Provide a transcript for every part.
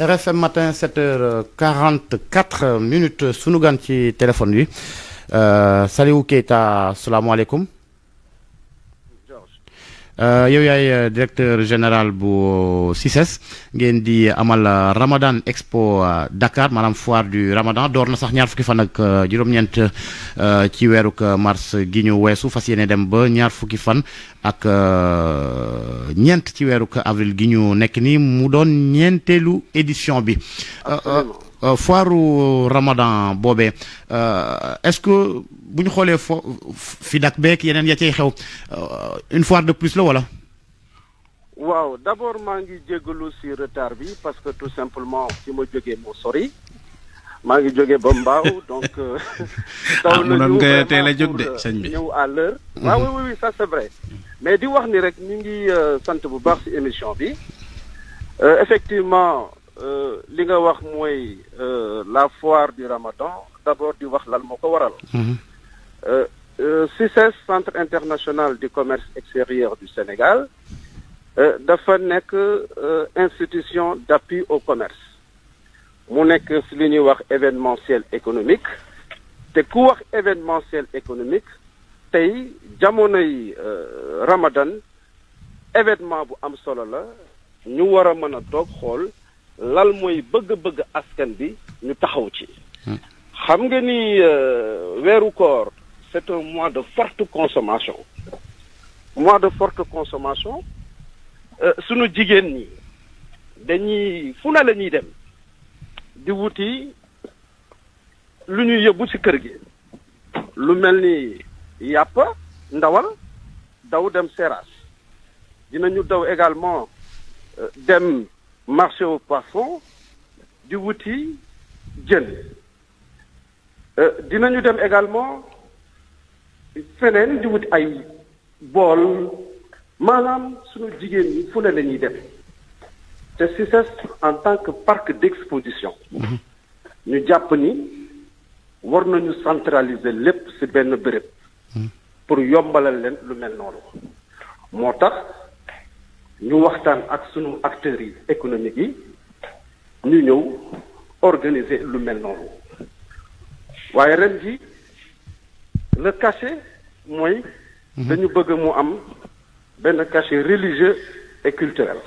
RFM matin 7 heures 44 euh, minutes sunu gan ci téléphone bi euh, Saliou Keita salaamaaleykum. Euh, yow yaay euh, directeur général bu CICES ngeen di amal euh, Ramadan Expo Dakar maanaam foire du Ramadan door na sax ñaar fukki fan ak juróom-ñeent ci weeruk mars gi ñu weesu fas yéene dem ba ñaar fukki fan ak ñeent ci weeruk avril gi ñu nekk nii mu doon ñeenteelu édition bi. Euh, foiru Ramadan boobee euh, est-ce que bu ñu xoolee fo FIDAK beeg yeneen ya cay xew euh, une foire de plus la wala. waaw d'abord maa ngi jégalu ci retard bi parce que tout simplement fi ma jógee moo sori maa ngi jógee ba Mbaaw donc. taw ah, na nga teel a jóg de sëñ bi ñëw à l'heure mhm. waaw oui oui ça c'est vrai mais di wax ni rek ñu ngi sant bu baax ci émission bi effectivement. Euh, li nga wax mooy euh, la foire du ramadan d'abord di wax lan moo ko waral mhm. euh, CICES centre international du commerce extérieur du Sénégal dafa nekk institution d'appui au commerce mu nekk si li ñuy wax événementiel économique te ku wax événementiel économique tey jamonoy ramadan événement bu am solo la ñu war a mën a toog xool lal mooy bëgg-bëgg askan bi ñu taxaw ci. xam nga ni euh, weeru koor c'est un mois de forte consommation. mois de forte consommation euh, sunu jigéen ñi dañuy fu na la ñuy dem di wuti lu ñuy yóbbu ci kër gi lu mel ni yàpp ndawal daw dem seeraas dinañu daw également euh, dem. marché au poisson di wuti jën euh, dinañu dem également feneen di wuti ay bool maanaam suñu jigéen ñi fu ne la ñuy def te CICES en tant que parc d'exposition ñu jàpp ni war nañu centraliser lépp ci benn béréb hmm. pour yombalal leen lu mel noonu moo tax ñu waxtaan ak suñu acteur yi économiques yi ñu ñëw organiser lu mel noonu waaye ren ji le cachet mooy mhm. dañu bëgg mu am benn cachet religieux et culturel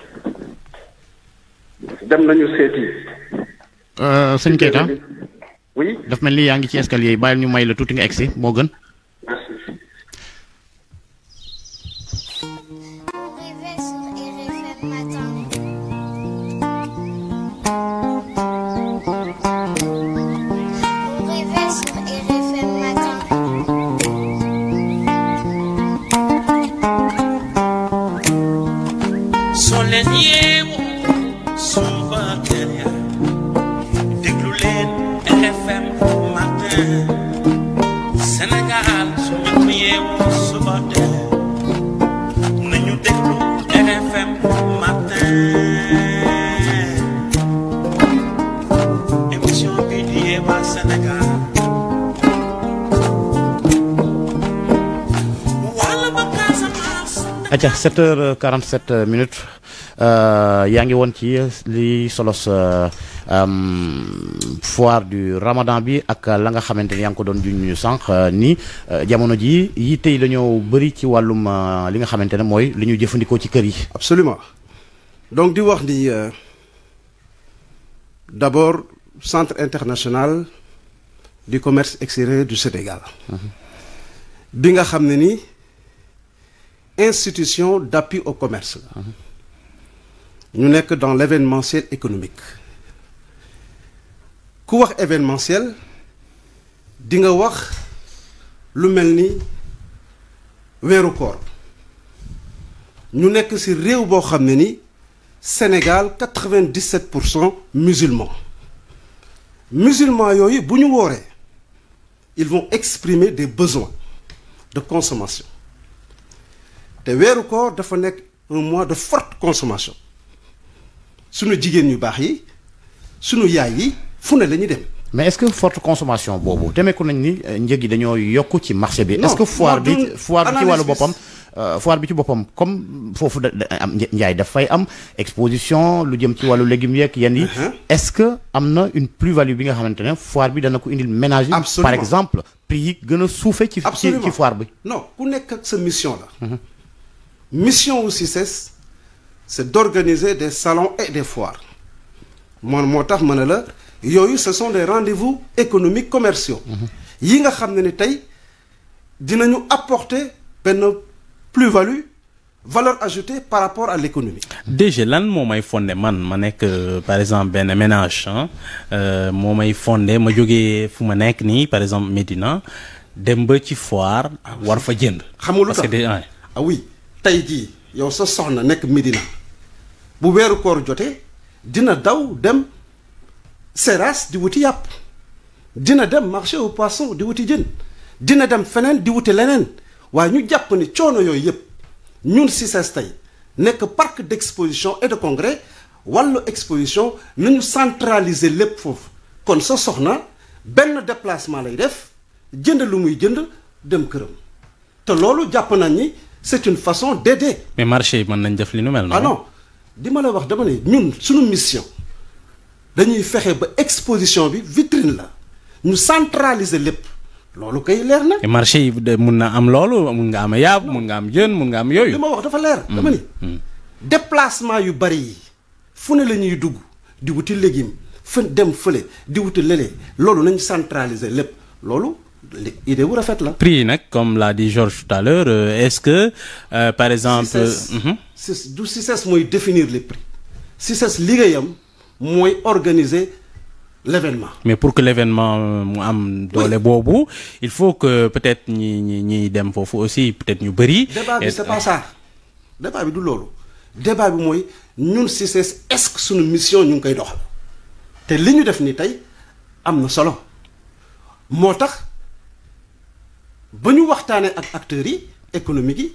dem nañu seeti euh, sëñ Keita oui daf mel ni yaa ngi ci escalier yi bàyyil ñu may la tuuti nga egsi moo gën aca 7 heures 47 minutes euh, yaa ngi woon ci li solos euh, foire du ramadan bi ak la nga xamante ni yaa ngi ko doon juñu sànq euh, ni jamono ji yi tey dañoo bëri ci wàllum li nga xamante ne mooy li ñuy jëfandikoo ci kër yi absolument donc di wax ni d'abord centre international du commerce extérieur du Sénégal mhm. bi nga xam ne ni institution d'appui au commerce ñu nekk dans l'événementiel économique ku wax événementiel di nga wax lu mel ni weeru koor ñu nekk ci réew boo xam ne ni Sénégal quatre-vingt-dix-sept pour cent musulmans musulmans yooyu bu ñu wooree ils vont exprimer des besoins de consommation te weeru ko dafa nekk un mois de forte consommation sunu jigéen yu baax yi sunu yaay yi fu ne la ñuy dem. mais est-ce que forte consommation boobu demeeku nañ ni euh, njëg yi dañoo yokk ci marché bi. est que foire bi foire ci wàllu boppam. Euh, foire bi ci boppam comme foofu da am njaay daf fay am exposition lu jëm ci wàllu légumes yeeg yenn yi. Uh-huh. est-ce que am na une plus-value bi nga xamante ne foire bi dana ko indil ménage par exemple prix yi gën a suufee. ci ci foire bi. no ku nekk ak sa mission la. Uh-huh. mission wu CICES c'est d'organiser des salons et des foires moom moo tax ma ne la yooyu ce sont des rendez-vous économiques commerciaux yi nga xam ne ni tey dinañu apporter benn plus-value valeur ajoutée par rapport à l'économie. DG lan moo may fondé man ma nekk euh, par exemple benn ménage ah moo may fonde ma jógee fu ma nekk nii par exemple Médina dem ba ci foire. war fa jënd. xamul lu tax ah oui. tey jii yow sa soxna nekk Médina bu weeru koor jotee dina daw dem Seras di wuti yàpp dina dem marché au poisson di wuti jën dina dem feneen di wuti leneen waaye ñu jàpp ni coono yooyu yëpp ñun CICES tey nekk parc d'exposition et de congrès wàllu exposition nañu centraliser lépp foofu kon sa soxna benn déplacement lay def jënd lu muy jënd dem këram te loolu jàpp nañ ni c'est une façon d'aider. mais marché yi mën nañ def li nu mel noonu. ah non di ma la wax dama ne ñun suñu mission dañuy fexe ba exposition bi vitrine la ñu centraliser lépp loolu koy leer na. marché yi mun na am loolu mun nga am yaab mun nga am jën mun nga am yooyu. li ma wax dafa leer. dama ni hmm. Hmm. déplacement yu bari yi fu ne la ñuy dugg di wuti légume fa dem fële di wuti lële loolu nañ centraliser lépp loolu. idée bu rafet la. prix yi nag comme l'a dit Georges tout à euh, est-ce que euh, par exemple. CICES euh, mhm. du CICES mooy définir les prix CICES liggéeyam mooy organiser. l'événement mais pour que l'événement mu am doole boobu il faut que peut-être ñi ñi ñiy dem foofu aussi peut-être ñu bëri débat bi c'est pas ça débat bi du loolu débat bi mooy ñun CICES est-ce que suñu mission ñu ngi koy doxal te li ñu def nii tey am na solo moo tax ba ñu waxtaanee ak acteurs yi économique yi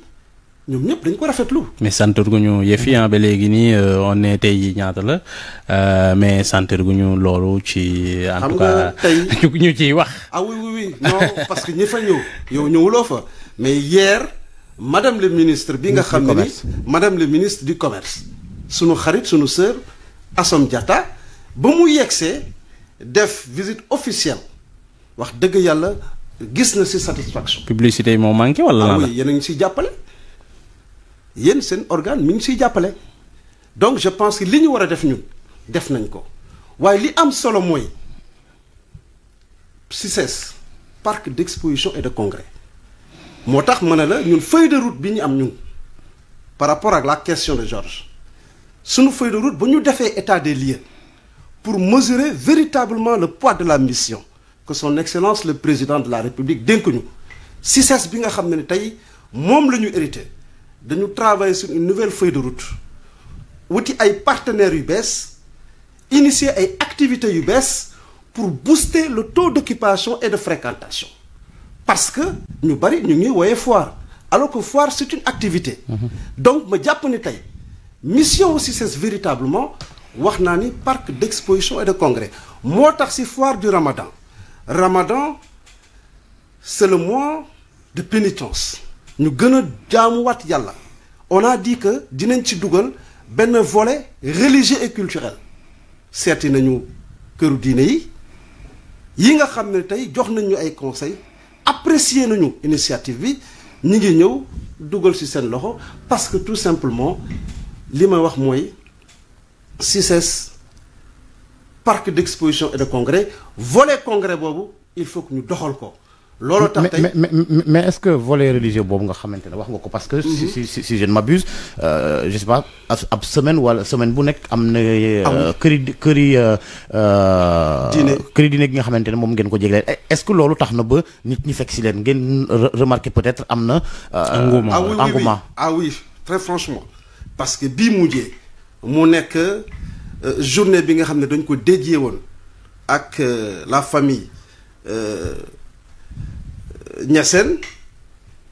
ñoom ñëpp dañ ko rafetlu. mais santarguñu yëf yi ah, ba léegi nii euh, on est tey jii ñaata la euh, mais gu ñu loolu ci. en tout cas ñu ciy wax. ah oui oui non parce que ñi fa ñëw yow ñëwuloo fa mais hier madame le ministre. bi nga xam ne ni madame le ministre du commerce. sunu xarit sunu sœur Assome Diatta ba mu yegsee def visite officielle wax dëgg yàlla. gis na si satisfaction. publicité yi moo manqué wala ah lan la yéen a ngi siy jàppale yéen seen organe mi ngi siy jàppale donc je pense que li ñu war a def ñun def nañ ko waaye li am solo mooy CICES parc d' exposition et de congrès moo tax ma ne la ñun feuille de route bi ñu am ñun par rapport ak la question de Georges suñu feuille de route bu ñu defee état de lieux pour mesurer véritablement le poids de la mission. que son excellence le président de la république dénk ñu CICES bi nga xam ne tey moom la ñu hérité dañu travailler sur une nouvelle feuille de route wuti ay partenaires yu bees initier ay activités yu bees pour booster le taux d'occupation et de fréquentation parce que ñu bari ñu ngi wooye foire alors que foire c'est une activité mm-hmm. donc ma jàpp ni tey mission CICES véritablement wax naa ni parc d'exposition et de congrès moo tax ci foire du Ramadan ramadan c'est le mois de pénitence ñu gën a jaamuwaat yàlla on a dit que dinañ ci dugal benn volet religieux et culturel seeti nañu këru diine yi yi nga xam ne tey jox nañu ay conseils apprécier nañu initiative bi ñi ngi ñëw dugal ci seen loxo parce que tout simplement li ma wax mooy CICES parc d'exposition et de congrès volet congrès boobu il faut que ñu doxal ko. loolu tax tey mais mais est-ce que volet religieux boobu nga xamante ne wax nga ko parce que. si mhm. si si si je ne m'abuse euh, je sais pas ab semaine wala semaine bu nekk am na. Euh, këri këri. Euh, diine këri diine gi nga xamante ne moom ngeen ko jégleen e, est-ce que loolu tax na ba nit ñi fekk si leen ngeen remarqué peut-être am na. engouement ah engouement ah oui très franchement. parce que bii mujjee mu nekk. Euh, journée bi nga xam ne dañ ko dédié woon ak euh, la famille euh, Niassène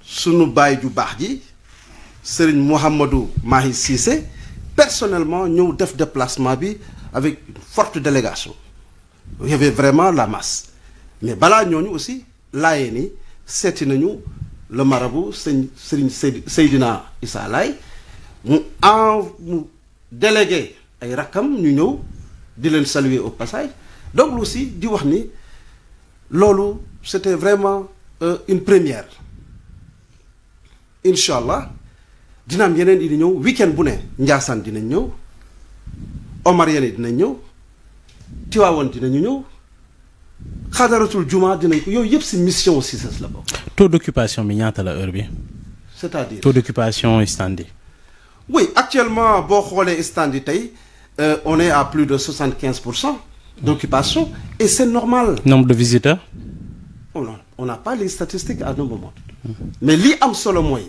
sunu baay ju baax ji sëriñ Mouhamadou Mahi Cissé personnellement ñëw def déplacement bi avec une forte délégation il y vraiment la masse mais balaa ñooñu aussi laayeen ni seeti nañu le marabu sëñ sëriñ Seydina Issa Laye mu en mu délégué ay rakkam ñu ñëw di leen saluer au passage donc aussi di wax ni loolu c'était vraiment euh, une première incha allah dina yeneen yi di ñëw week-end bu ne Ndiassane dinañ ñëw Omar yeneen dinañ ñëw Tiwaawan dinañu ñëw xadaratul juma dinañ ko yooyu yëpp si mission CICES la bokk. taux d'occupation bi ñaata la heure bi. c'est-à-dire taux d'occupation stand yi. actuellement boo xoolee stand yi tey. Euh, on est à plus de 75 pour cent d'occupation et c'est normal. nombre de visiteurs. Oh non on n'a pas les statistiques à nos moments mais li am solo mooy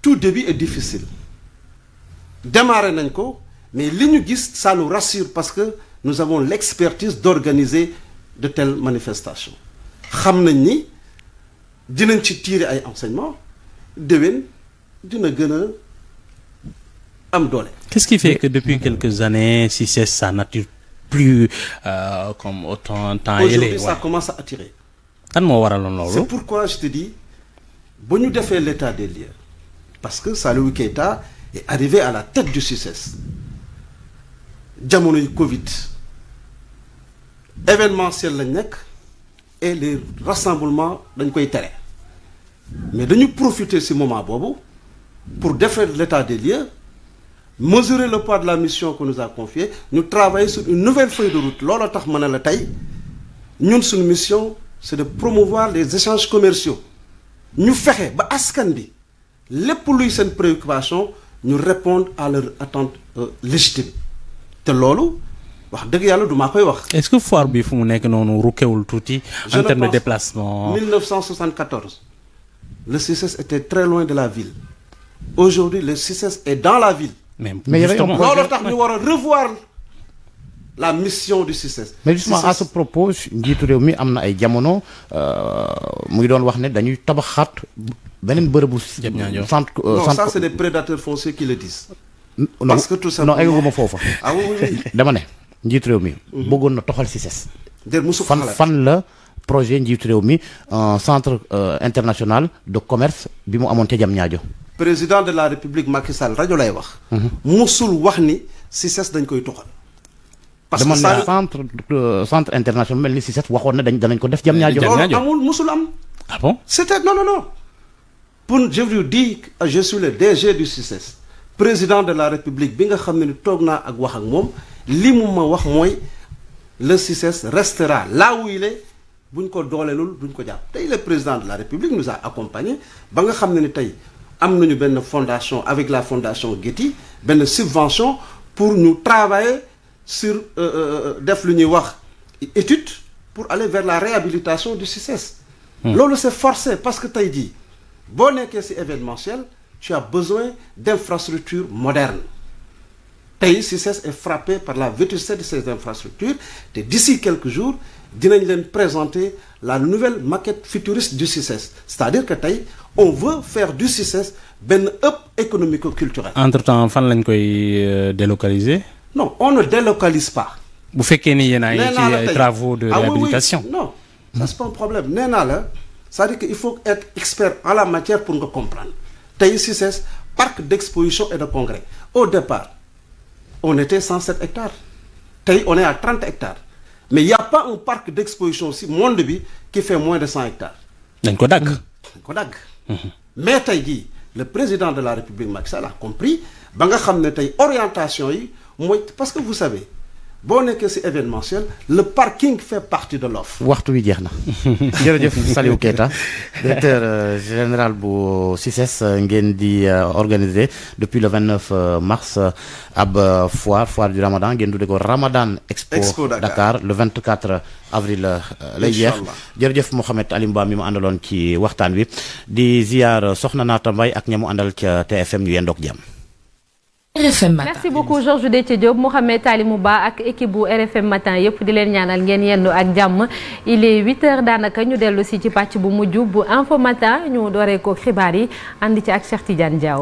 tout début est difficile démarrer nañ ko mais li ñu gis ça nous rassure parce que nous avons l'expertise d'organiser de telles manifestations xam nañ ni dinañ ci tirer ay enseignements déwén dina gën a. am doole. qu'est-ce qui fait que depuis quelques années si c'est ça n'attire plus euh, comme autant temps. aujourd'hui ça commence à attirer. kan moo waraloon loolu. c'est pourquoi je te dis ba ñu defee l'état des lieux parce que Salihou Keita est arrivé à la tête du CICES jamonoy Covid événementiel lañ nekk et les rassemblements dañ koy tere mais dañu profiter ci moment boobu pour defee l'état des lieux. mesurer le poids de la mission qu'on nous a confiée ñu travailler sur une nouvelle feuille de route looloo tax ma ne la tey ñun suñu mission c'est de promouvoir les échanges commerciaux ñu fexe ba askan bi lépp luy seen préoccupation ñu répondre à leur attente euh, légitime te loolu wax dëgg yàlla du maa koy wax. est-ce que foire bi fu mu nekk noonu rukkewul tuuti. en termes de déplacement 1974 le CICES était très loin de la ville aujourd'hui le CICES est dans la ville. mais justement loolu tax la mission du CICES. à ce propos njiitu réew mi am na ay jamono euh, mu ngi doon wax ne dañuy tabaxaat beneen bërëbu. jëm centre euh, non ça c'est des prédateurs fonciers qui le disent. parce que tout ça non foofa. ah dama ne njiitu réew mi. Mhm. bëggoon na toxal CICES. fan fan la. projet njiitu réew mi euh, centre euh, international de commerce bi mu amoon ca Diamniadio président de la république Macky Sall rajo lay wax. mosul mhm. wax ni CICES dañ koy toxal. parce que sa centre euh, centre international mel ni CICES waxoon na dañ danañ ko def. Diamniadio loolu amul musul am. ah bon c'était non pour je vous dis je le DG du CICES président de la république bi nga xam ne toog naa ak wax ak moom li mu ma wax mooy le ci restera là où il est bu buñ ko dooleelul duñ ko jàpp tey le président de la république nous a accompagné ba nga xam ne ni tey am nañu benn fondation avec la fondation Getty benn subvention pour ñu travailler sur euh, euh, euh, def lu ñuy wax étude pour aller vers la réhabilitation du CICES. Hmm. loolu c'est forcé parce que tey jii boo nekkee ci événementiel tu as besoin d'infrastructures moderne tey CICES est frappé par la vétusté de ses infrastructures te d'ici quelques jours dinañ leen présenter la nouvelle maquette futuriste du CICES c'est-à-dire que tey on veut faire du CICES benn hub économico-culturel. entre-temps fan lañ koy euh, délocaliser. non on ne délocalise pas. bu fekkee ni yéen ay ci ay travaux de réhabilitation. ah oui, oui. non ça c'est nee naa la cest il faut être expert en la matière pour nga comprendre tey CICES parc d'exposition et de congrès au départ. on était 107 hectares tey on est à hectares mais y' a pas un parc d' exposition si monde bi qui fait moins de 100 hectares. dañ ko dagg. dañ ko dagg. mais tey jii le président de la république Macky Sall a compris ba nga xam ne tey orientation yi mooy parce que vous savez. boo nekkee ci événementiel le parking fait partie de l'offre waxtu wi jeex na jërëjëf Saliou Keita directeur euh, général bu sises euh, ngeen di euh, organiser depuis le 29 mars ab foire foire du Ramadan ngeen du tuddee ko Ramadan Expo Dakar le 24 avril lay jeex jërëjëf Mouhamed Alimba mi mu àndaloon ci waxtaan wi di ziar soxna Naata Mbaye ak ñamu àndal ca TFM ñu yendook jàmm RFM matin merci beaucoup Georges Déthié Diop Mohamed mu Ba ak équipe bu RFM matin yëpp di leen ñaanal ngeen yendu ak jàmm il est 8 daanaka ñu dellusi ci pàcc bu mujj bu info matin ñu dooree ko xibaar yi ànd ci ak Cheikh Tidiane